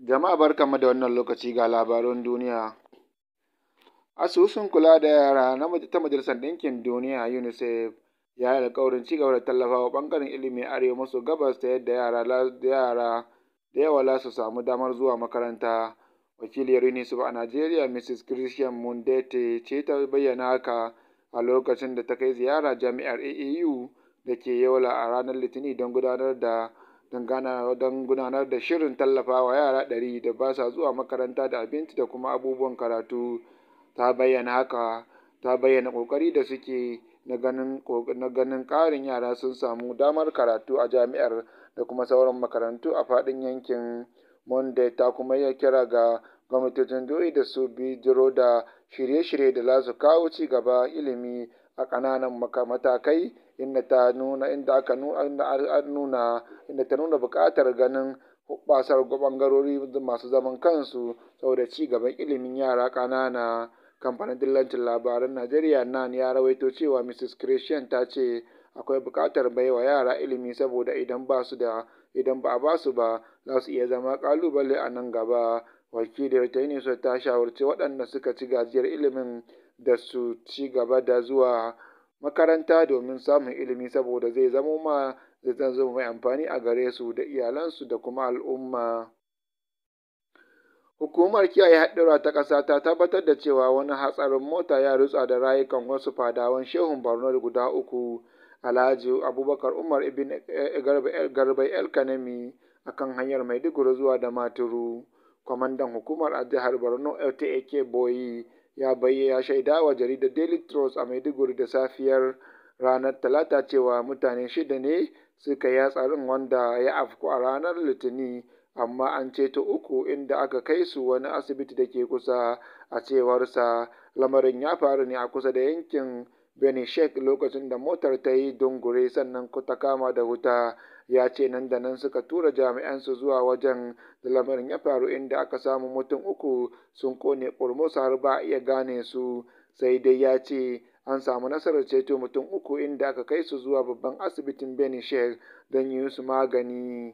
Jama'a barkanmu da wannan lokaci ga labarun duniya. Asusun kula da yara na ta Majalisar Ɗinkin Duniya UNICEF ya yi alkawarin ci gaba da tallafawa ɓangaren ilimi arewa maso gabas ta yadda yara yara da yawa za su samu damar zuwa makaranta. Wakiliyar UNICEF a Najeriya Mrs. Christian Mundete ce ta bayyana haka a lokacin da ta kai ziyara jami'ar AAU da ke Yola a ranar Litinin don gudanar da don gudanar da shirin tallafa wa yara ɗari da ba sa zuwa makaranta da abinci da kuma abubuwan karatu ta bayyana haka ta bayyana ƙoƙari da suke na ganin ƙarin yara sun samu damar karatu a jami'ar da kuma sauran makarantu a faɗin yankin monday ta kuma ya kira ga gwamnatocin doyi da su bijiro da shirye-shirye da za su kawo ci gaba ilimi a ƙananan matakai inda ta nuna inda aka nuna inda ta nuna buƙatar ganin hubbasar bangarori masu zaman kansu saboda ci gaban ilimin yara kanana kamfanin dillancin labaran najeriya nan ya rawaito cewa mrs christian ta ce akwai bukatar baiwa yara ilimi saboda idan ba su da idan ba ba su ba za su iya zama kalubale a nan gaba wakiliyar ta ta shawarci waɗanda suka ci gajiyar ilimin da su ci gaba da zuwa makaranta domin samun ilimi saboda zai zamo ma zai zama mai amfani a gare su da iyalansu da kuma al'umma. Hukumar kiyaye haɗura ta ƙasa ta tabbatar da cewa wani hatsarin mota ya rutsa da rayukan wasu fadawan shehun Borno guda uku, Alhaji Abubakar Umar Ibn eh, garba El Kanami a kan hanyar Maiduguri zuwa da maturu kwamandan hukumar a jihar Borno LTAK Boyi ya shaida wa jaridar Daily Trust a Maiduguri da safiyar ranar Talata cewa mutane shida ne suka yi hatsarin wanda ya afku a ranar litini amma an ceto uku inda aka kai su wani asibiti da ke kusa a cewarsa lamarin ya faru ne a kusa da yankin Benishek lokacin da motar ta yi dungure sannan ta kama da wuta. ya ce nan da nan suka tura jami'ansu zuwa wajen da lamarin ya faru inda aka samu mutum uku sun kone su har ba iya gane su sai dai ya ce an samu nasarar ceto mutum uku inda aka kai su zuwa babban asibitin benin shek don yi su magani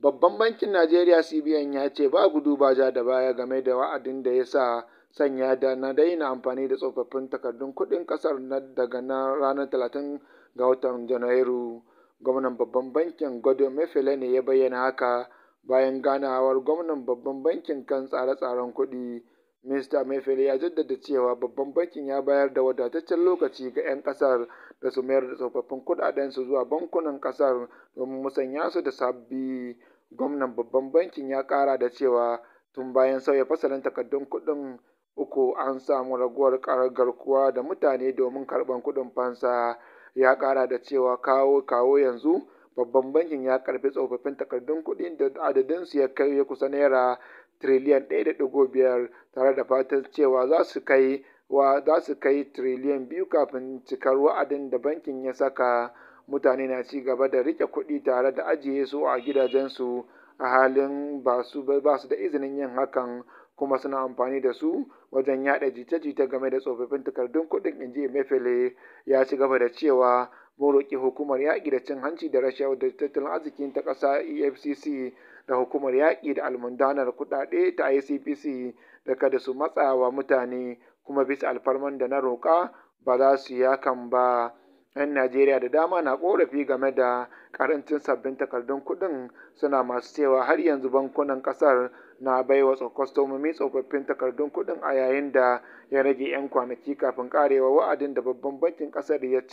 babban bankin najeriya cbn ya ce ba gudu ba ja da baya game da wa'adin da ya sa sanya da na daina amfani da tsofaffin takardun kuɗin ƙasar daga na ranar 30 ga watan janairu Gwamnan Babban Bankin Gordon Mefele ne ya bayyana haka bayan ganawar Gwamnan Babban Bankin kan tsare-tsaren kuɗi. Mista Mefele ya jaddada cewa Babban Bankin ya bayar da wadataccen lokaci ga ‘yan ƙasar da su mayar da tsofaffin su zuwa bankunan ƙasar domin musanya su da sabbi. Gwamnan Babban Bankin ya ƙara da cewa tun bayan sauya fasalin takardun kuɗin uku an samu raguwar garkuwa da mutane domin karɓar kuɗin fansa. ya ƙara da cewa kawo kawo yanzu babban bankin ya karfi tsofaffin takardun kuɗi da adadinsu ya kai kusa naira tiriliyan 1.5 tare da fatan cewa za su kai wa za su kai tiriliyan biyu kafin cikar wa'adin da bankin ya saka mutane na ci gaba da rike kuɗi tare da ajiye su a gidajensu a halin ba su da izinin yin hakan kuma suna amfani da su wajen yada jita-jita game da tsofaffin takardun kuɗin inji mefele ya ci gaba da cewa mun roƙi hukumar yaƙi da cin hanci da rashawa da tattalin arzikin ta ƙasa efcc da hukumar yaƙi da almundanar kuɗaɗe ta icpc da kada su matsawa mutane kuma bisa alfarman da na roƙa ba za su yi hakan ba 'yan najeriya da dama na korafi game da karancin sabbin takardun kuɗin suna masu cewa har yanzu bankunan ƙasar na baiwa kwastomomi tsofaffin takardun kuɗin a yayin da ya rage 'yan kwanaki kafin karewa wa'adin da babban bankin ƙasar ya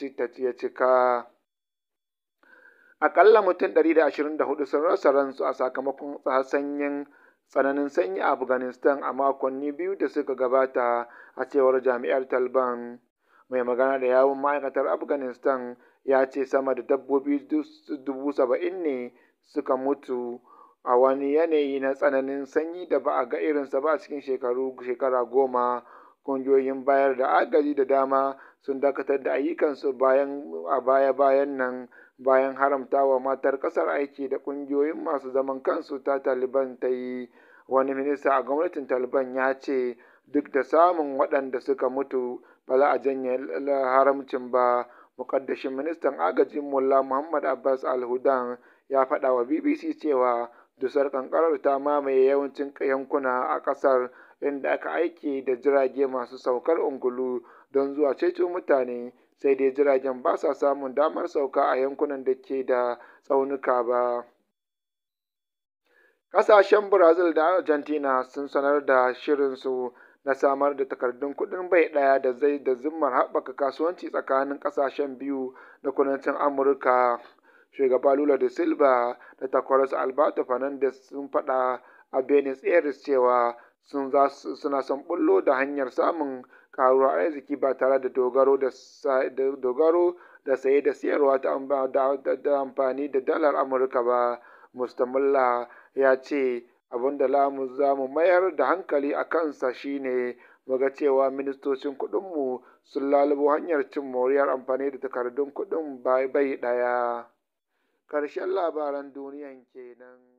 cika. Akalla mutum 124 sun rasa ransu a sakamakon sanyin tsananin sanyi a Afghanistan a makonni biyu da suka gabata a cewar jami'ar Taliban. Mai magana da yawun ma'aikatar Afghanistan ya ce sama da dabbobi dubu saba'in ne suka mutu a wani yanayi na tsananin sanyi da ba a ga irinsa ba a cikin shekaru shekara goma. Ƙungiyoyin bayar da agaji da dama sun dakatar da ayyukansu a baya-bayan nan bayan haramtawa wa matar ƙasar aiki da ƙungiyoyin masu zaman kansu ta Taliban ta yi. Wani minista a gwamnatin Taliban ya ce duk da samun waɗanda suka mutu ba za a janye haramcin ba. Muƙaddashin ministan Agajin Mullah Muhammad Abbas Al-Hudan ya faɗa wa BBC cewa Dusar ƙanƙarar ta mamaye yawancin yankuna a ƙasar, inda aka aiki da jirage masu saukar ungulu don zuwa ceto mutane, sai dai jiragen ba sa samun damar sauka a yankunan da ke da tsaunuka ba. kasashen Brazil da Argentina sun sanar da shirinsu na samar da takardun kuɗin bai ɗaya da zai da zimmar haɓaka kasuwanci tsakanin ƙasashen biyu na kudancin Amurka. Shugaba Lula da Silva da takwaras Alberto Fernandez sun faɗa a Buenos Aires cewa sun suna son bullo da hanyar samun karuwar arziki ba tare da dogaro da dogaro da saye da siyarwa ta amfani da dalar Amurka ba. Mustamulla ya ce abin da lamu za mu mayar da hankali a kansa shine muga cewa ministocin kuɗinmu sun lalubo hanyar cin moriyar amfani da takardun kuɗin bai ɗaya. Ƙarshen labaran duniyan kenan.